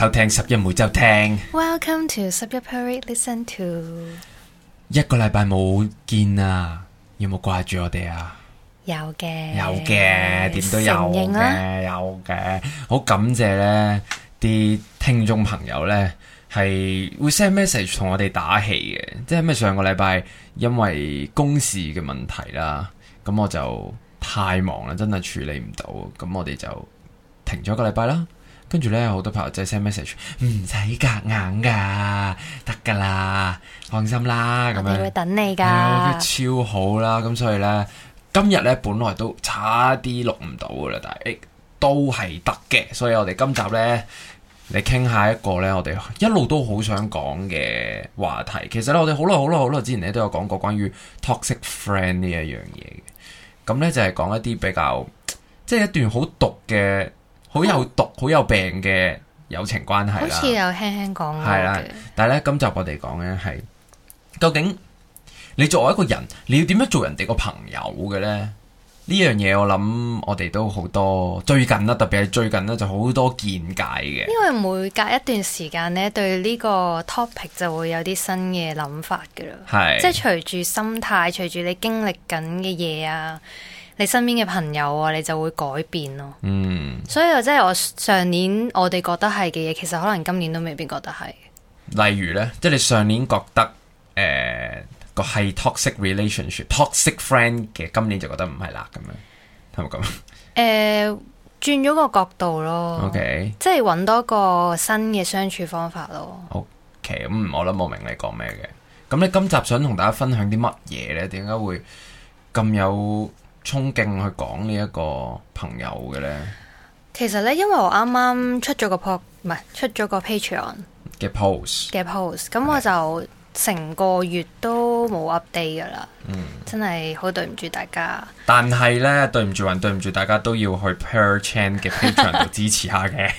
收聽十一每週聽。Welcome to 十一 Period。Listen to 一個禮拜冇見有有啊，有冇掛住我哋啊？有嘅，有嘅，點都有有嘅。好感謝呢啲聽眾朋友呢，係會 send message 同我哋打氣嘅。即係咩？上個禮拜因為公事嘅問題啦，咁我就太忙就啦，真係處理唔到，咁我哋就停咗一個禮拜啦。跟住咧，好多朋友仔 send message，唔使夾硬噶，得噶啦，放心啦，咁樣。佢會等你噶，超、啊、好啦。咁所以呢，今日呢，本來都差啲錄唔到噶啦，但係都係得嘅。所以我哋今集呢，嚟傾下一個呢，我哋一路都好想講嘅話題。其實呢，我哋好耐好耐好耐之前咧都有講過關於 toxic friend 呢、就是、一樣嘢嘅。咁咧就係講一啲比較，即係一段好毒嘅。好有毒、好有病嘅友情關係，好似有輕輕講過嘅。但係咧，今集我哋講嘅係，究竟你作為一個人，你要點樣做人哋個朋友嘅咧？呢樣嘢，我諗我哋都好多最近啦、啊，特別係最近咧、啊、就好多見解嘅。因為每隔一段時間咧，對呢個 topic 就會有啲新嘅諗法噶啦。係是，即係隨住心態，隨住你經歷緊嘅嘢啊。你身邊嘅朋友啊，你就會改變咯、啊。嗯，所以又真係我，我上年我哋覺得係嘅嘢，其實可能今年都未必覺得係。例如呢，即係你上年覺得誒個、呃、係 toxic relationship、toxic friend 嘅，今年就覺得唔係啦，咁樣係咪咁？誒、呃，轉咗個角度咯。OK，即係揾多個新嘅相處方法咯。O K，咁我諗冇明你講咩嘅。咁你今集想同大家分享啲乜嘢呢？點解會咁有？衝勁去講呢一個朋友嘅咧，其實咧因為我啱啱出咗個, po 出個 post，唔係出咗個 Patreon 嘅 post 嘅 post，咁我就成個月都冇 update 噶啦，嗯，真係好對唔住大家。但係咧對唔住還對唔住，大家都要去 Perchan 嘅 Patreon 度 支持下嘅。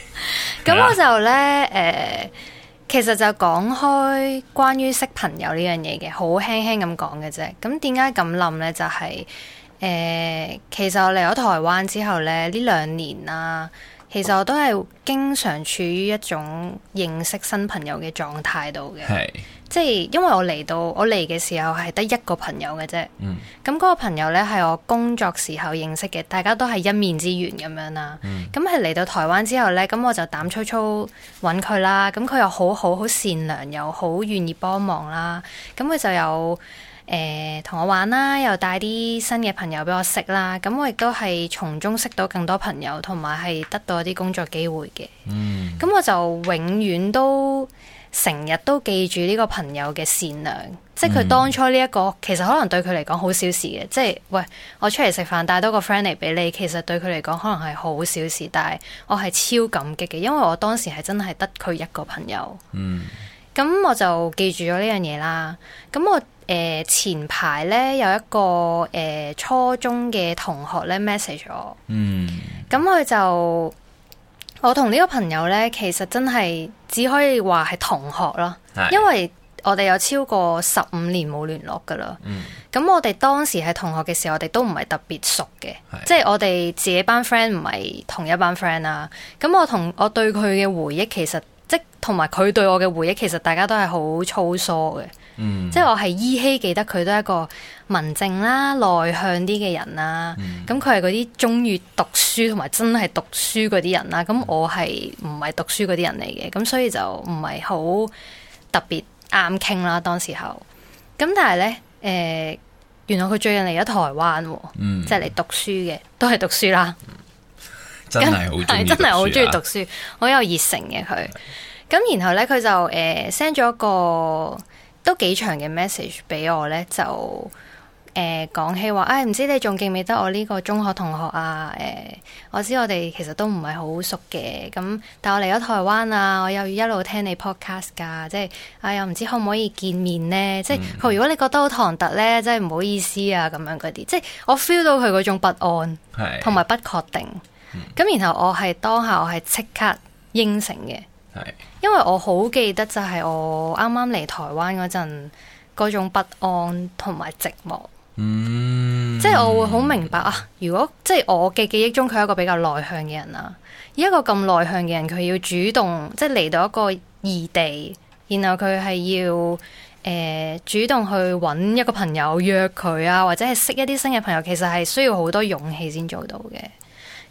咁 我就咧誒， 其實就講開關於識朋友輕輕樣呢樣嘢嘅，好輕輕咁講嘅啫。咁點解咁諗咧？就係、是。誒，其實我嚟咗台灣之後咧，呢兩年啦，其實我都係經常處於一種認識新朋友嘅狀態度嘅，是即係因為我嚟到我嚟嘅時候係得一個朋友嘅啫，咁嗰、嗯、個朋友咧係我工作時候認識嘅，大家都係一面之緣咁樣、嗯、粗粗啦。咁係嚟到台灣之後咧，咁我就膽粗粗揾佢啦，咁佢又好好好善良，又好願意幫忙啦，咁佢就有。誒，同、欸、我玩啦，又帶啲新嘅朋友俾我識啦。咁我亦都係從中識到更多朋友，同埋係得到一啲工作機會嘅。嗯，咁我就永遠都成日都記住呢個朋友嘅善良，即係佢當初呢、這、一個、嗯、其實可能對佢嚟講好小事嘅。即係喂，我出嚟食飯帶多個 friend 嚟俾你，其實對佢嚟講可能係好小事，但係我係超感激嘅，因為我當時係真係得佢一個朋友。嗯，咁我就記住咗呢樣嘢啦。咁我。誒，前排咧有一個誒初中嘅同學咧 message 咗我嗯，嗯，咁佢就我同呢個朋友咧，其實真係只可以話係同學咯，是 因為我哋有超過十五年冇聯絡噶啦，嗯，咁我哋當時係同學嘅時候，我哋都唔係特別熟嘅是，即係我哋自己班 friend 唔係同一班 friend 啦，咁我同我對佢嘅回憶，其實即同埋佢對我嘅回憶，其實大家都係好粗疏嘅。即係我係依稀記得佢都係一個文靜啦、內向啲嘅人啦，咁佢係嗰啲中意讀書同埋真係讀書嗰啲人啦，咁我係唔係讀書嗰啲人嚟嘅，咁所以就唔係好特別啱傾啦當時候，咁但係呢，誒，原來佢最近嚟咗台灣，嗯，即係嚟讀書嘅，都係讀書啦，真係好，真係好中意讀書，好有熱誠嘅佢，咁然後呢，佢就誒 send 咗個。都幾長嘅 message 俾我呢，就誒、呃、講起話，唉、哎，唔知你仲記唔記得我呢個中學同學啊？誒、哎，我知我哋其實都唔係好熟嘅，咁但我嚟咗台灣啊，我又要一路聽你 podcast 噶、啊，即係啊又唔知可唔可以見面呢？即係，嗯、如果你覺得好唐突呢，真係唔好意思啊，咁樣嗰啲，即係我 feel 到佢嗰種不安，同埋是不確定。咁、嗯、然後我係當下我係即刻應承嘅。因為我好記得就係我啱啱嚟台灣嗰陣嗰種不安同埋寂寞，嗯，即係我會好明白啊！如果即係我嘅記憶中佢係一個比較內向嘅人啊，一個咁內向嘅人佢要主動即係嚟到一個異地，然後佢係要誒、呃、主動去揾一個朋友約佢啊，或者係識一啲新嘅朋友，其實係需要好多勇氣先做到嘅。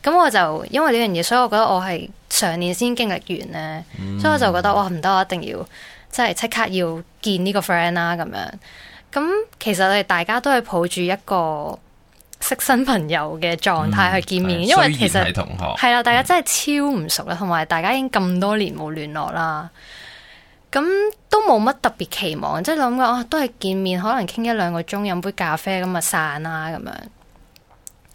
咁我就因為呢樣嘢，所以我覺得我係上年先經歷完咧，嗯、所以我就覺得我唔得，我一定要即係即刻要見呢個 friend 啦咁樣。咁其實我哋大家都係抱住一個識新朋友嘅狀態去見面，嗯嗯、因為其實同學係啦，大家真係超唔熟啦，同埋、嗯、大家已經咁多年冇聯絡啦，咁都冇乜特別期望，即係諗過啊，都係見面，可能傾一兩個鐘，飲杯咖啡咁啊散啦咁樣。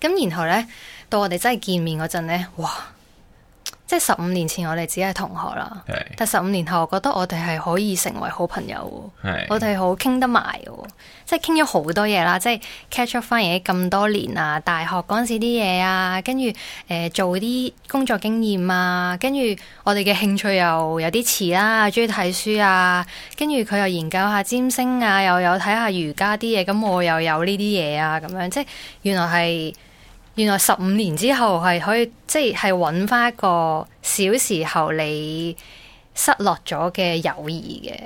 咁然後咧。到我哋真係見面嗰陣呢，哇！即係十五年前我哋只係同學啦，是但十五年後，我覺得我哋係可以成為好朋友。是我哋好傾得埋，即係傾咗好多嘢啦，即係 catch up 翻嘢，咁多年啊！大學嗰陣時啲嘢啊，跟住誒做啲工作經驗啊，跟住我哋嘅興趣又有啲似啦，中意睇書啊，跟住佢又研究下占星啊，又有睇下瑜伽啲嘢，咁我又有呢啲嘢啊，咁樣即係原來係。原來十五年之後係可以即係揾翻一個小時候你失落咗嘅友誼嘅。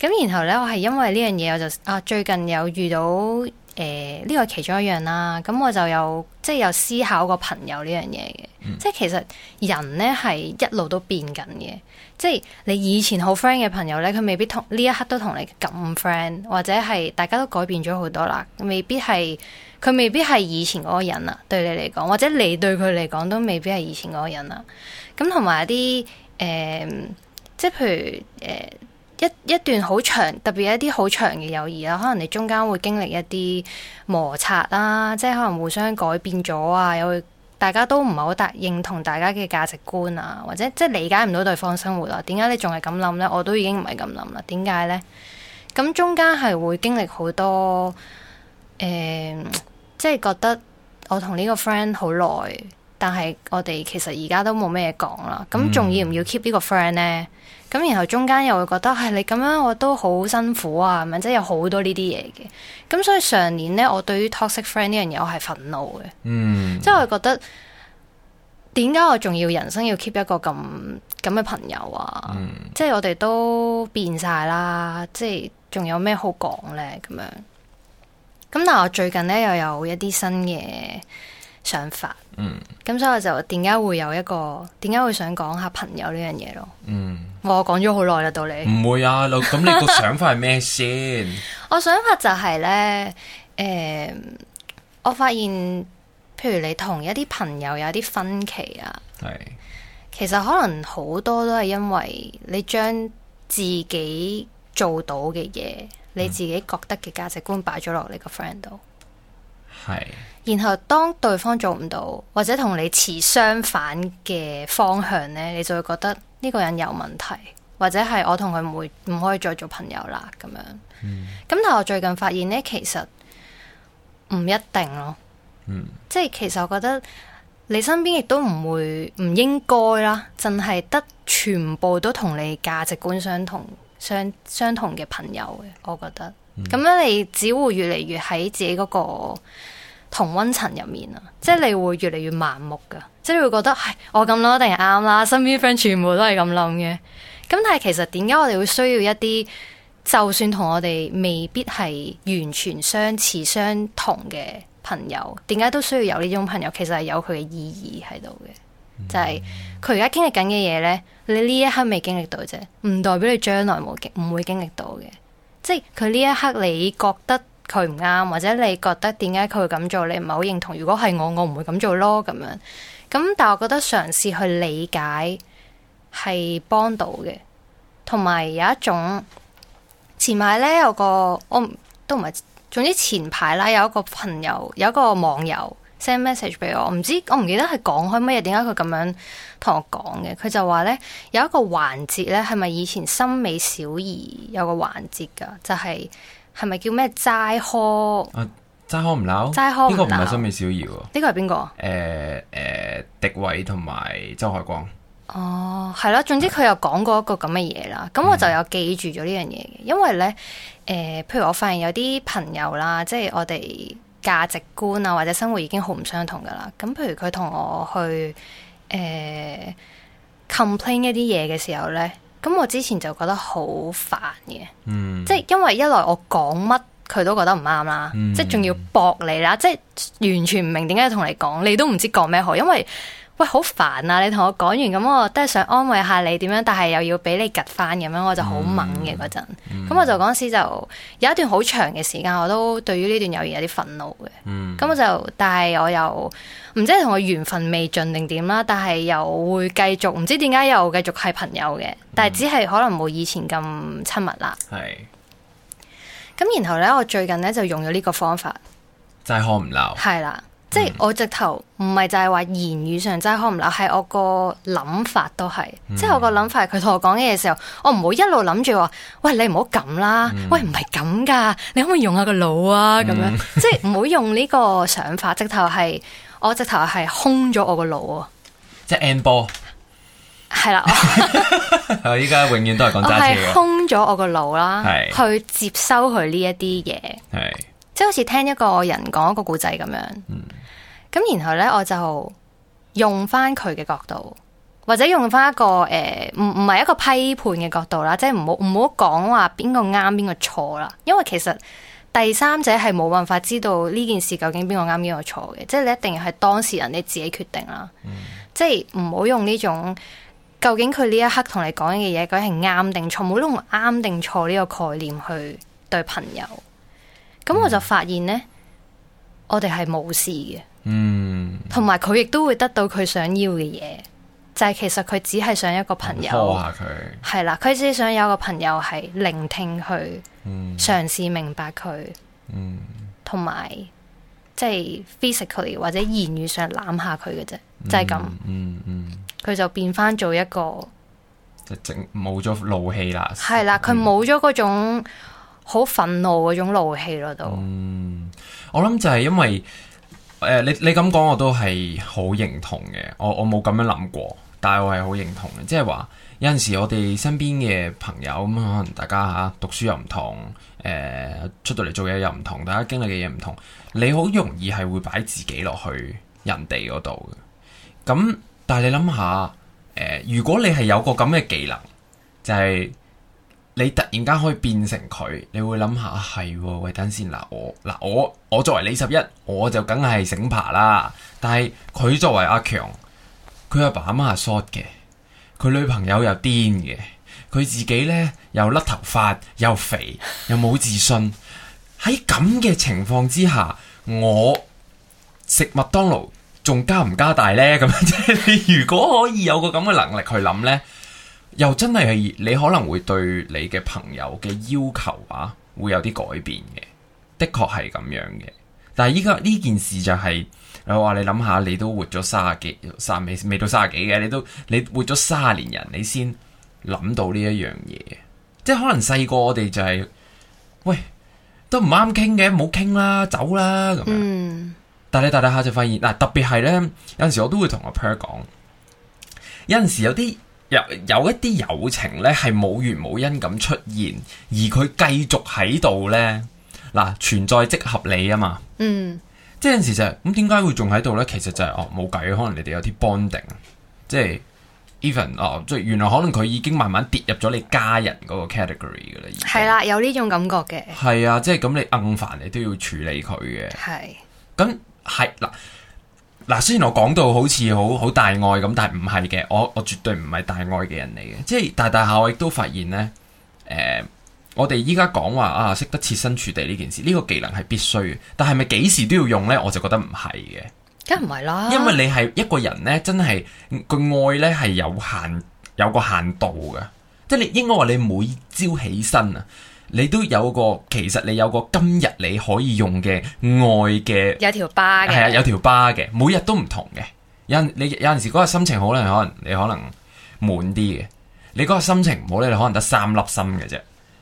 咁然後呢，我係因為呢樣嘢我就啊最近有遇到誒呢、呃呢個其中一樣啦。咁我就有即係、就是、有思考過朋友呢樣嘢嘅。嗯、即係其實人呢係一路都變緊嘅。即係你以前好 friend 嘅朋友咧，佢未必同呢一刻都同你咁 friend，或者係大家都改變咗好多啦，未必係佢未必係以前嗰個人啊，對你嚟講，或者你對佢嚟講都未必係以前嗰個人啊。咁同埋一啲誒、呃，即係譬如誒、呃、一一段好長，特別一啲好長嘅友誼啦，可能你中間會經歷一啲摩擦啦、啊，即係可能互相改變咗啊，又會。大家都唔係好認同大家嘅價值觀啊，或者即係理解唔到對方生活啊，點解你仲係咁諗咧？我都已經唔係咁諗啦。點解咧？咁中間係會經歷好多，誒、呃，即係覺得我同呢個 friend 好耐。但係我哋其實而家都冇咩嘢講啦，咁仲要唔要 keep 呢個 friend 呢？咁、mm. 然後中間又會覺得係、哎、你咁樣，我都好辛苦啊，咁樣即係有好多呢啲嘢嘅。咁所以上年呢，我對於 toxic friend 呢樣嘢，mm. 我係憤怒嘅。即係我係覺得點解我仲要人生要 keep 一個咁咁嘅朋友啊？Mm. 即係我哋都變晒啦，即係仲有咩好講呢？咁樣咁，但係我最近呢，又有一啲新嘅。想法，嗯，咁所以我就點解會有一個點解會想講下朋友呢樣嘢咯，嗯，哦、我講咗好耐啦，到你唔會啊，咁你個想法係咩先？ 我想法就係、是、呢。誒、呃，我發現譬如你同一啲朋友有啲分歧啊，係是，其實可能好多都係因為你將自己做到嘅嘢，嗯、你自己覺得嘅價值觀擺咗落你個 friend 度，係。然後當對方做唔到，或者同你持相反嘅方向呢，你就會覺得呢個人有問題，或者係我同佢唔會唔可以再做朋友啦咁樣。咁、嗯、但係我最近發現呢，其實唔一定咯。嗯、即係其實我覺得你身邊亦都唔會唔應該啦，淨係得全部都同你價值觀相同，相相同嘅朋友嘅。我覺得嗯、咁樣你只會越嚟越喺自己嗰個。同温層入面啊，即係你會越嚟越盲目噶，即係你會覺得係我咁諗一定係啱啦，身邊 friend 全部都係咁諗嘅。咁但係其實點解我哋會需要一啲就算同我哋未必係完全相似相同嘅朋友？點解都需要有呢種朋友？其實係有佢嘅意義喺度嘅，就係佢而家經歷緊嘅嘢呢，你呢一刻未經歷到啫，唔代表你將來冇經唔會經歷到嘅。即係佢呢一刻你覺得。佢唔啱，或者你覺得點解佢會咁做？你唔係好認同。如果係我，我唔會咁做咯。咁樣咁，但係我覺得嘗試去理解係幫到嘅，同埋有，有一種前排咧有個我都唔係總之前排啦，有一個朋友有一個網友 send message 俾我，唔知我唔記得係講開乜嘢？點解佢咁樣同我講嘅？佢就話咧有一個環節咧，係咪以前森美小儀有個環節噶？就係、是。係咪叫咩齋柯？齋啊，齋柯唔撈，齋柯呢個唔係森美小儀喎，啊。呢個係邊個？誒誒、呃呃，迪偉同埋周海光。哦，係啦、啊，總之佢有講過一個咁嘅嘢啦。咁、嗯、我就有記住咗呢樣嘢嘅，因為咧，誒、呃，譬如我發現有啲朋友啦，即係我哋價值觀啊，或者生活已經好唔相同噶啦。咁譬如佢同我去誒、呃、complain 一啲嘢嘅時候咧。咁我之前就覺得好煩嘅，嗯、即係因為一來我講乜佢都覺得唔啱啦，即係仲要駁你啦，即係完全唔明點解要同你講，你都唔知講咩好，因為。喂，好煩啊！你同我講完咁，我都係想安慰下你點樣，但係又要俾你夾翻，咁樣，我就好猛嘅嗰陣。咁、嗯、我就嗰時就有一段好長嘅時間，我都對於呢段友誼有啲憤怒嘅。咁、嗯、我就，但係我又唔知係同佢緣分未盡定點啦，但係又會繼續，唔知點解又繼續係朋友嘅，嗯、但係只係可能冇以前咁親密啦。係是。咁然後呢，我最近呢就用咗呢個方法，就齋看唔流，係啦。即係我直頭唔係就係話言語上真係可唔到，係我個諗法都係，嗯、即係我個諗法。佢同我講嘢嘅時候，我唔會一路諗住話，喂，你唔好咁啦，嗯、喂唔係咁噶，你可唔可以用下個腦啊？咁、嗯、樣即係唔會用呢個想法。直頭係我直頭係空咗我個腦啊！ 即係 N 波係啦，係依家永遠都係講揸車嘅。空咗我個腦啦，去接收佢呢一啲嘢，即係好似聽一個人講一個故仔咁樣。嗯咁然後咧，我就用翻佢嘅角度，或者用翻一個誒，唔唔係一個批判嘅角度啦，即係唔好唔好講話邊個啱邊個錯啦。因為其實第三者係冇辦法知道呢件事究竟邊個啱邊個錯嘅，即係你一定要係當事人你自己決定啦。嗯、即係唔好用呢種究竟佢呢一刻同你講嘅嘢，究竟係啱定錯，冇用啱定錯呢個概念去對朋友。咁我就發現呢，嗯、我哋係冇事嘅。嗯，同埋佢亦都會得到佢想要嘅嘢，就係、是、其實佢只係想一個朋友，佢係啦，佢只係想有個朋友係聆聽佢，嘗試、嗯、明白佢，同埋即、嗯、係、就是、physically 或者言語上攬下佢嘅啫，就係、是、咁。佢、嗯嗯嗯、就變翻做一個，就整冇咗怒氣啦，係啦的，佢冇咗嗰種好憤怒嗰種怒氣咯，都、嗯，我諗就係因為。誒、呃，你你咁講我都係好認同嘅，我我冇咁樣諗過，但係我係好認同嘅，即係話有陣時我哋身邊嘅朋友咁，可、嗯、能大家吓、啊、讀書又唔同，誒、呃、出到嚟做嘢又唔同，大家經歷嘅嘢唔同，你好容易係會擺自己落去人哋嗰度嘅，咁、嗯、但係你諗下，誒、呃、如果你係有個咁嘅技能，就係、是。你突然間可以變成佢，你會諗下係、啊，喂等先嗱，我嗱我我作為李十一，我就梗係醒爬啦。但係佢作為阿強，佢阿爸阿媽係 short 嘅，佢女朋友又癲嘅，佢自己呢又甩頭髮，又肥，又冇自信。喺咁嘅情況之下，我食麥當勞仲加唔加大呢？咁樣即係你如果可以有個咁嘅能力去諗呢。又真係係你可能會對你嘅朋友嘅要求啊，會有啲改變嘅，的確係咁樣嘅。但係依家呢件事就係、是、你話你諗下，你都活咗卅幾卅未未到卅幾嘅，你都你活咗卅年人，你先諗到呢一樣嘢，即係可能細個我哋就係、是、喂都唔啱傾嘅，唔好傾啦，走啦咁樣。嗯、但係你大下就發現嗱、啊，特別係呢，有陣時我都會同我 pair 講，有陣時有啲。有，有一啲友情咧，係冇緣冇因咁出現，而佢繼續喺度咧，嗱，存在即合理啊嘛嗯、就是。嗯，即係有時就咁，點解會仲喺度咧？其實就係、是、哦，冇計，可能你哋有啲 bonding，即係 even 哦，即係原來可能佢已經慢慢跌入咗你家人嗰個 category 噶啦。已經係啦，有呢種感覺嘅。係啊，即係咁你硬煩你都要處理佢嘅。係的，咁係嗱。嗱，雖然我講到好似好好大愛咁，但係唔係嘅，我我絕對唔係大愛嘅人嚟嘅。即係，大大下我亦都發現呢。誒、呃，我哋依家講話啊，識得設身處地呢件事，呢、呢個技能係必須嘅，但係咪幾時都要用呢？我就覺得唔係嘅，梗唔係啦，因為你係一個人呢，真係個愛呢係有限，有個限度嘅，即係你應該話你每朝起身啊。你都有個，其實你有個今日你可以用嘅愛嘅，有條疤嘅係啊，有條疤嘅，每日都唔同嘅。有你有陣時嗰個心情好咧，可能你可能滿啲嘅；你嗰個心情唔好咧，你可能得三粒心嘅啫。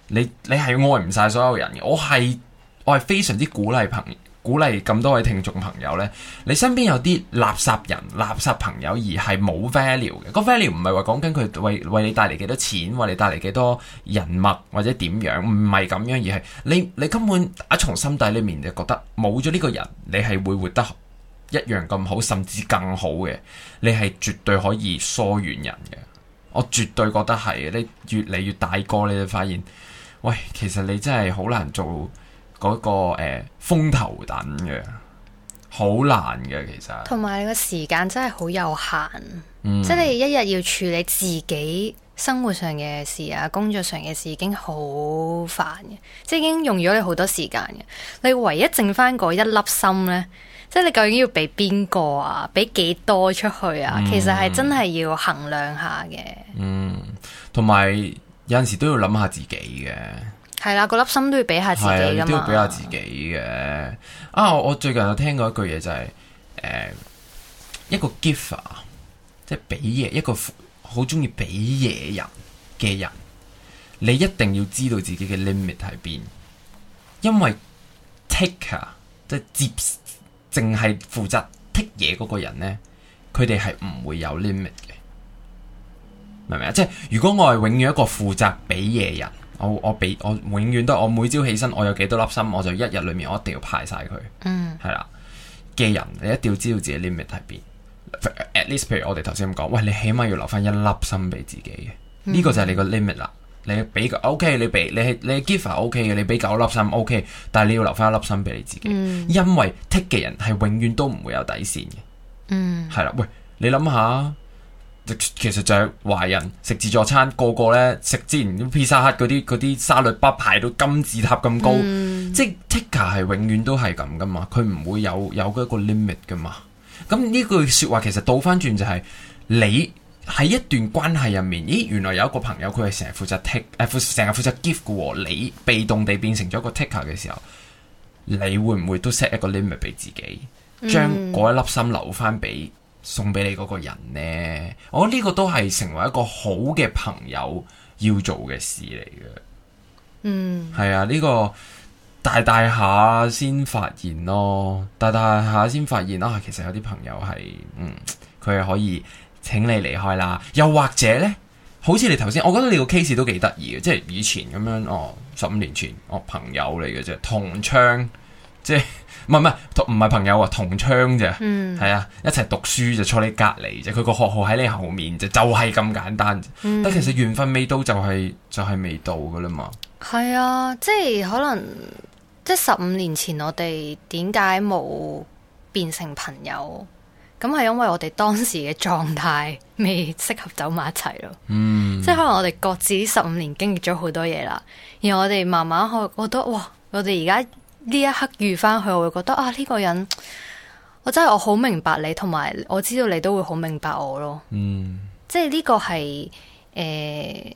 你你係愛唔晒所有人嘅。我係我係非常之鼓勵朋友。鼓勵咁多位聽眾朋友呢，你身邊有啲垃圾人、垃圾朋友而係冇 value 嘅，個 value 唔係話講緊佢為為你帶嚟幾多錢，為你帶嚟幾多人脈或者點樣，唔係咁樣，而係你你根本打從心底裡面就覺得冇咗呢個人，你係會活得一樣咁好，甚至更好嘅，你係絕對可以疏遠人嘅。我絕對覺得係，你越嚟越大個，你就發現，喂，其實你真係好難做。嗰、那個誒、欸、風頭等嘅，好難嘅其實。同埋你個時間真係好有限，嗯、即係你一日要處理自己生活上嘅事啊，工作上嘅事已經好煩嘅，即係已經用咗你好多時間嘅。你唯一剩翻嗰一粒心呢，即係你究竟要俾邊個啊？俾幾多出去啊？嗯、其實係真係要衡量下嘅。嗯，同埋有陣時都要諗下自己嘅。係啦，嗰粒心都要俾下自己，都要俾下自己嘅。啊，我，我最近有聽過一句嘢就係，誒，一個 giver，即係俾嘢，一個好中意俾嘢人嘅人，你一定要知道自己嘅 limit 喺邊，因為 taker，即係接，淨係負責剔嘢嗰個人咧，佢哋係唔會有 limit 嘅。明唔明啊？即係如果我係永遠一個負責俾嘢人。我我俾我永遠都我每朝起身我有幾多粒心我就一日裏面我一定要派晒佢，係啦嘅人你一定要知道自己 limit 喺邊。At least 譬如我哋頭先咁講，喂你起碼要留翻一粒心俾自己嘅，呢、mm hmm. 個就係你個 limit 啦。你俾佢 OK 你俾你係你係 giver OK 嘅，你俾、okay, 九粒心 OK，但係你要留翻一粒心俾你自己，mm. 因為 take 嘅人係永遠都唔會有底線嘅。嗯，係啦，喂，你諗下。其實就係華人食自助餐個個呢，食之前 pizza 嗰啲啲沙律吧排到金字塔咁高，嗯、即係 taker 係永遠都係咁噶嘛，佢唔會有有嗰個 limit 噶嘛。咁呢句說話其實倒翻轉就係、是、你喺一段關係入面，咦，原來有一個朋友佢係成日負責 take，成、啊、日負責 give 嘅，你被動地變成咗個 taker 嘅時候，你會唔會都 set 一個 limit 俾自己，將嗰一粒心留翻俾、嗯？嗯送俾你嗰個人呢，我覺得呢個都係成為一個好嘅朋友要做嘅事嚟嘅。嗯，係啊，呢個大大下先發現咯，大大下先發現啊、哦，其實有啲朋友係，嗯，佢係可以請你離開啦。又或者呢，好似你頭先，我覺得你個 case 都幾得意嘅，即係以前咁樣哦，十五年前，我、哦、朋友嚟嘅啫，同窗。即係。唔係唔係，同唔係朋友啊，同窗啫，嗯，係啊，一齊讀書就坐你隔籬啫，佢個學號喺你後面啫，就係咁簡單。嗯，但其實緣分未到就係就係未到噶啦嘛。係啊，即係可能即係十五年前我哋點解冇變成朋友？咁係因為我哋當時嘅狀態未適合走埋一齊咯。嗯，即係可能我哋各自十五年經歷咗好多嘢啦，然後我哋慢慢去覺得哇，我哋而家。呢一刻遇翻佢，我會覺得啊，呢個人，我真係我好明白你，同埋我知道你都會好明白我咯。嗯即，即係呢個係誒，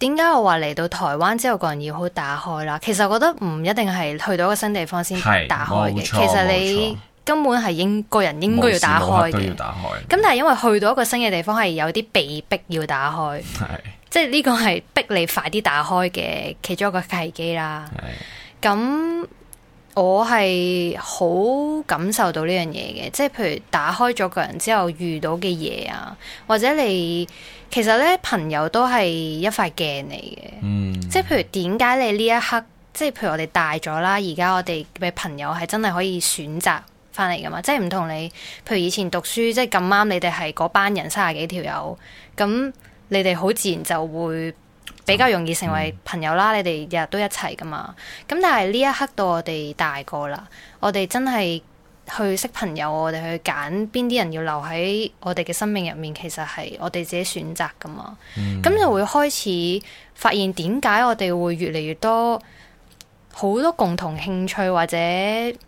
點解我話嚟到台灣之後個人要好打開啦？其實我覺得唔一定係去到一個新地方先打開嘅，其實你根本係應個人應該要打開嘅。咁但係因為去到一個新嘅地方，係有啲被逼要打開，是即係呢個係逼你快啲打開嘅其中一個契機啦。咁我係好感受到呢樣嘢嘅，即係譬如打開咗個人之後遇到嘅嘢啊，或者你其實咧，朋友都係一塊鏡嚟嘅，嗯，即係譬如點解你呢一刻，即係譬如我哋大咗啦，而家我哋嘅朋友係真係可以選擇翻嚟噶嘛？即係唔同你，譬如以前讀書，即係咁啱你哋係嗰班人三十幾條友，咁你哋好自然就會。比較容易成為朋友啦，嗯、你哋日日都一齊噶嘛？咁但係呢一刻到我哋大個啦，我哋真係去識朋友，我哋去揀邊啲人要留喺我哋嘅生命入面，其實係我哋自己選擇噶嘛。咁、嗯、就會開始發現點解我哋會越嚟越多好多共同興趣或者誒呢、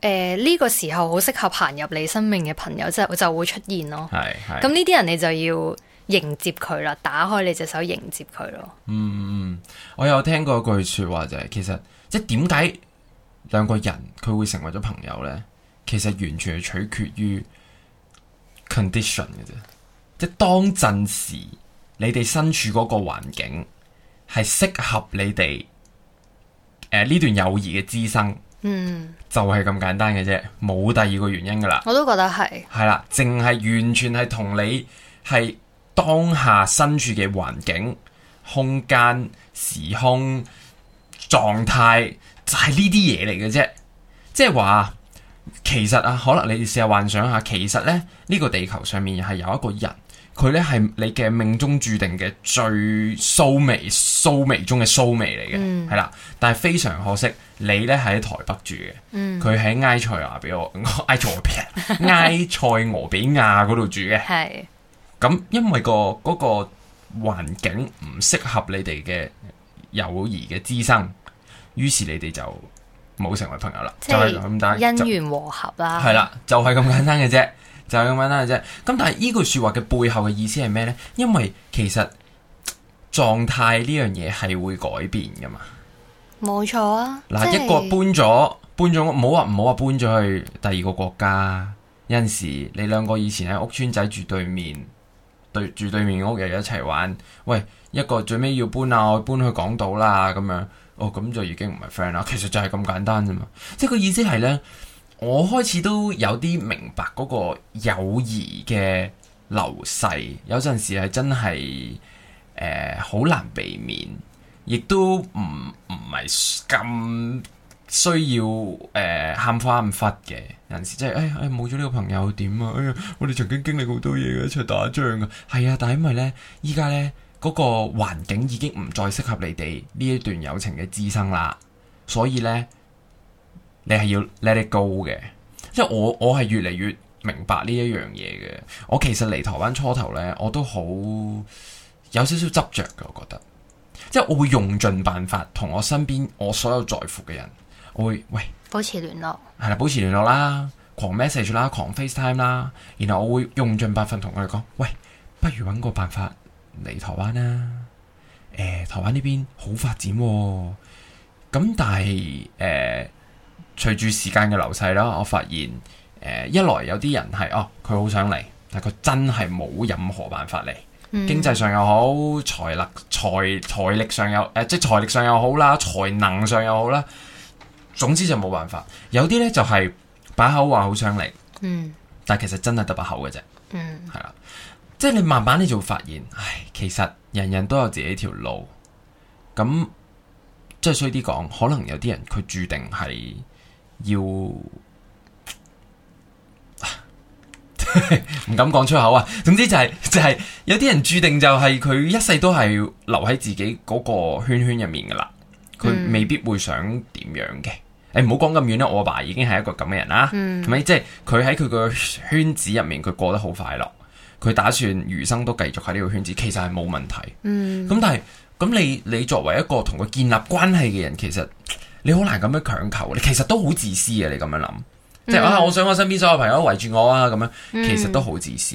呃這個時候好適合行入你生命嘅朋友，就就會出現咯。係，咁呢啲人你就要。迎接佢啦，打開你隻手迎接佢咯。嗯嗯，我有聽過一句說話就係，其實即係點解兩個人佢會成為咗朋友呢？其實完全係取決於 condition 嘅啫，即係當陣時你哋身處嗰個環境係適合你哋誒呢段友誼嘅滋生。嗯，就係咁簡單嘅啫，冇第二個原因噶啦。我都覺得係，係啦，淨係完全係同你係。當下身處嘅環境、空間、時空、狀態，就係呢啲嘢嚟嘅啫。即係話，其實啊，可能你試下幻想下，其實咧呢、呢個地球上面係有一個人，佢咧係你嘅命中注定嘅最蘇眉、mm.、蘇眉中嘅蘇眉嚟嘅，係啦。但係非常可惜，你咧係喺台北住嘅，佢喺、mm. 埃塞俄比亞、哎，埃塞俄比亞嗰度住嘅。 係。咁因為個嗰個環境唔適合你哋嘅友誼嘅滋生，於是你哋就冇成為朋友啦，是就係咁簡單。因緣和合啦，係啦，就係、是、咁簡單嘅啫， 就係咁簡單嘅啫。咁但係呢句說話嘅背後嘅意思係咩呢？因為其實狀態呢樣嘢係會改變噶嘛，冇錯啊。嗱啦，是一個搬咗搬咗，唔好話唔好話搬咗去第二個國家。有陣時你兩個以前喺屋村仔住對面，住對面屋又一齊玩，喂，一個最尾要搬啊，我搬去港島啦咁樣，哦咁就已經唔係 friend 啦。其實就係咁簡單啫嘛，即係個意思係呢，我開始都有啲明白嗰個友誼嘅流逝，有陣時係真係誒好難避免，亦都唔唔係咁。需要誒喊花唔屈嘅有陣時，即係誒誒冇咗呢個朋友點啊？哎呀，我哋曾經經歷好多嘢嘅一齊打仗啊！係啊，但係因為呢，依家呢，嗰個環境已經唔再適合你哋呢一段友情嘅滋生啦，所以呢，你係要 let it go 嘅。因為我我係越嚟越明白呢一樣嘢嘅。我其實嚟台灣初頭呢，我都好有少少執着嘅，我覺得，即係我會用盡辦法同我身邊我所有在乎嘅人。會喂，保持聯絡，保持聯絡係啦，保持聯絡啦，狂 message 啦，狂 FaceTime 啦，然後我會用盡百分同佢哋講，喂，不如揾個辦法嚟台灣啦。誒、呃，台灣呢邊好發展，哦，咁但係誒、呃，隨住時間嘅流逝啦，我發現誒、呃，一來有啲人係哦，佢好想嚟，但佢真係冇任何辦法嚟，嗯、經濟上又好，財力財財力上又誒、呃，即係財力上又好啦，才能上又好啦。總之就冇辦法，有啲呢就係、是、把口話好想嚟，嗯，但其實真係得把口嘅啫，嗯，係啦，即係你慢慢你就會發現，唉，其實人人都有自己條路，咁即係衰啲講，可能有啲人佢注定係要唔 敢講出口啊，總之就係、是、就係、是、有啲人注定就係佢一世都係留喺自己嗰個圈圈入面噶啦，佢未必會想點樣嘅。嗯誒，唔好講咁遠啦，我阿爸，爸已經係一個咁嘅人啦，係咪、嗯？即係佢喺佢個圈子入面，佢過得好快樂，佢打算餘生都繼續喺呢個圈子，其實係冇問題。咁、嗯、但係，咁你你作為一個同佢建立關係嘅人，其實你好難咁樣強求。你其實都好自私嘅，你咁樣諗，嗯、即係啊，我想我身邊所有朋友圍住我啊，咁樣，其實都好自私。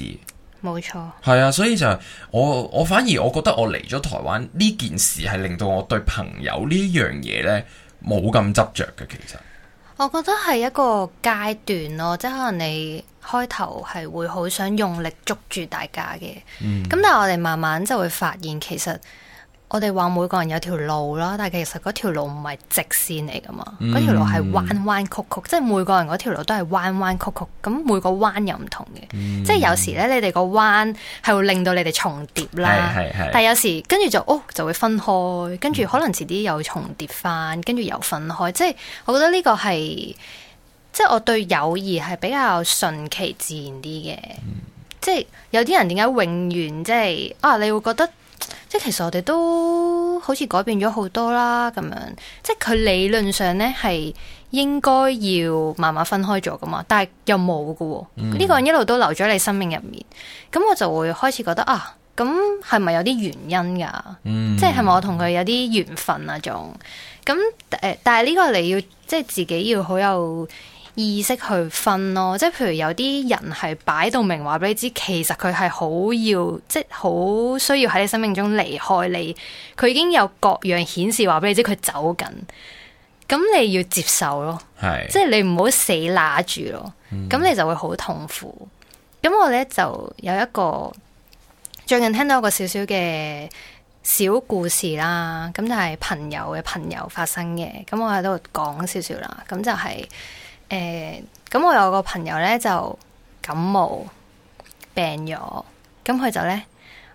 冇錯、嗯。係啊，所以就我我反而我覺得我嚟咗台灣呢件事係令到我對朋友呢樣嘢呢。冇咁執着嘅，其實我覺得係一個階段咯，即係可能你開頭係會好想用力捉住大家嘅，咁、嗯、但係我哋慢慢就會發現其實。我哋話每個人有條路啦，但係其實嗰條路唔係直線嚟噶嘛，嗰條、嗯、路係彎彎曲曲，嗯、即係每個人嗰條路都係彎彎曲曲。咁每個彎又唔同嘅，嗯、即係有時咧，你哋個彎係會令到你哋重疊啦。但係有時跟住就哦，就會分開，跟住可能遲啲又重疊返，跟住又分開。即係我覺得呢個係，即係我對友誼係比較順其自然啲嘅、嗯。即係有啲人點解永遠即係啊，你會覺得？即其實我哋都好似改變咗好多啦，咁樣即係佢理論上咧係應該要慢慢分開咗噶嘛，但係又冇噶，嗯、呢個人一路都留咗你生命入面，咁我就會開始覺得啊，咁係咪有啲原因噶？嗯、即係係咪我同佢有啲緣分啊？仲咁誒，但係呢個你要即係自己要好有。意識去分咯，即係譬如有啲人係擺到明話俾你知，其實佢係好要，即係好需要喺你生命中離開你。佢已經有各樣顯示話俾你知，佢走緊。咁你要接受咯，是即係你唔好死拿住咯。咁、嗯、你就會好痛苦。咁我咧就有一個最近聽到一個小小嘅小故事啦。咁就係朋友嘅朋友發生嘅。咁我喺度講少少啦。咁就係、是。誒，咁、欸、我有個朋友咧就感冒病咗，咁佢就咧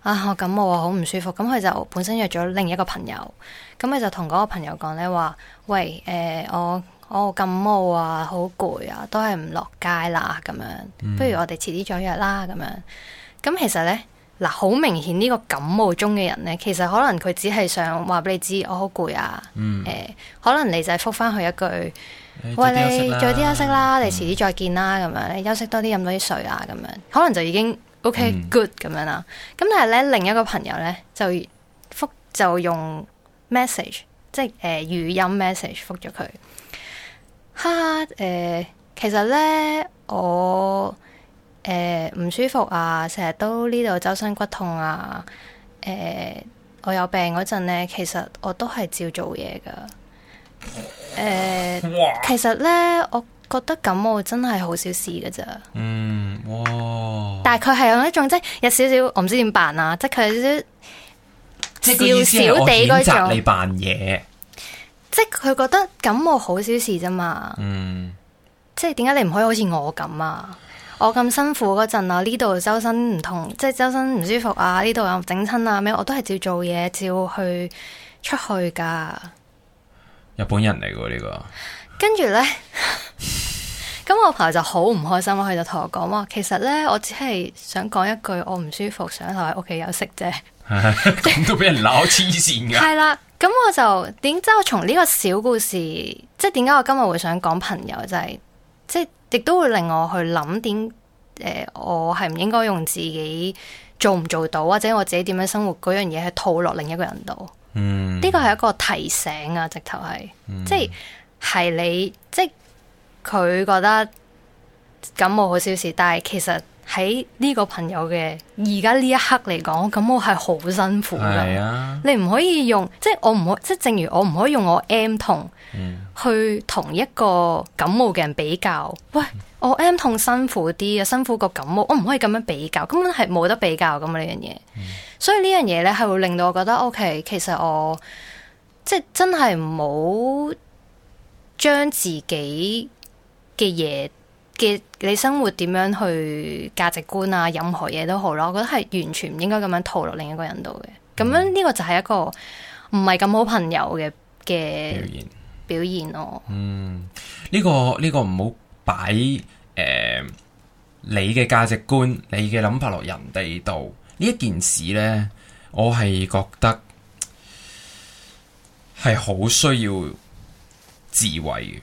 啊我我就就呢、欸我，我感冒啊，好唔舒服，咁佢就本身約咗另一個朋友，咁佢就同嗰個朋友講咧話，喂，誒，我我感冒啊，好攰啊，都係唔落街啦，咁樣，嗯、不如我哋遲啲再約啦，咁樣。咁其實咧，嗱，好明顯呢個感冒中嘅人咧，其實可能佢只係想話俾你知，我好攰啊，誒、嗯欸，可能你就係覆返佢一句。喂，你早啲休息啦，嗯、你遲啲再見啦，咁樣，你休息多啲，飲多啲水啊，咁樣可能就已經 OK、嗯、good 咁樣啦。咁但係咧，另一個朋友咧就覆就用 message，即係誒、呃、語音 message 覆咗佢。哈誒、呃，其實咧我誒唔、呃、舒服啊，成日都呢度周身骨痛啊。誒、呃，我有病嗰陣咧，其實我都係照做嘢噶。誒，uh, 哇其實咧，我覺得感冒真係好小事噶咋。嗯，哇！但係佢係有一種即係、就是、有少少，我唔知點辦啊。即係佢有少少，少少地嗰種。即係你扮嘢，即係佢覺得感冒好小事啫嘛。嗯，即係點解你唔可以好似我咁啊？我咁辛苦嗰陣啊，呢度周身唔痛，即係周身唔舒服啊，呢度又整親啊咩，我都係照做嘢，照去出去噶。日本人嚟嘅呢個，跟住咧，咁我朋友就好唔開心，佢就同我講，其實咧，我只係想講一句，我唔舒服，想留喺屋企休息啫。咁都俾人鬧黐線噶。係啦，咁我就點知？我從呢個小故事，即係點解我今日會想講朋友，就係，就係即係亦都會令我去諗點誒，我係唔應該用自己做唔做到，或者我自己點樣生活嗰樣嘢，去套落另一個人度。呢個係一個提醒啊，直頭係、嗯，即係係你即佢覺得感冒好小事，但係其實喺呢個朋友嘅而家呢一刻嚟講，感冒係好辛苦㗎。啊、你唔可以用，即係我唔可，即係正如我唔可以用我 M 痛去同一個感冒嘅人比較，喂。我、oh, M 痛辛苦啲啊，辛苦個感冒，我唔可以咁樣比較，根本係冇得比較噶嘛，呢樣嘢。嗯、所以呢樣嘢咧，係會令到我覺得，OK，其實我即係真係唔好將自己嘅嘢嘅你生活點樣去價值觀啊，任何嘢都好咯，我覺得係完全唔應該咁樣套落另一個人度嘅。咁樣呢個就係一個唔係咁好朋友嘅嘅表演，表現咯。嗯，呢、這個呢、這個唔好。擺誒、呃，你嘅價值觀、你嘅諗法落人哋度呢一件事呢，我係覺得係好需要智慧嘅。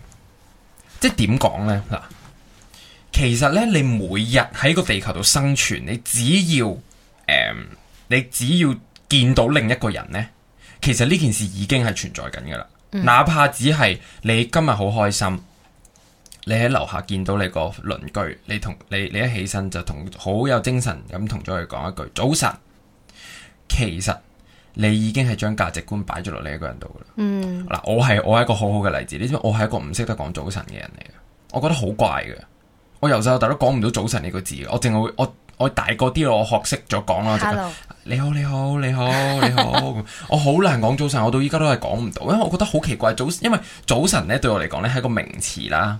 即係點講咧？嗱，其實呢，你每日喺個地球度生存，你只要誒、呃，你只要見到另一個人呢，其實呢件事已經係存在緊噶啦。嗯、哪怕只係你今日好開心。你喺樓下見到你個鄰居，你同你你一起身就同好有精神咁同咗佢講一句早晨。其實你已經係將價值觀擺咗落你一個人度啦。嗯，嗱，我係我係一個好好嘅例子。你知唔知？我係一個唔識得講早晨嘅人嚟嘅。我覺得好怪嘅。我由細到大都講唔到早晨呢個字。我淨係會我我大個啲咯，我學識咗講啦。我 Hello. 你好，你好，你好， 你好。我好難講早晨，我到依家都係講唔到，因為我覺得好奇怪早。因為早晨咧對我嚟講咧係一個名詞啦。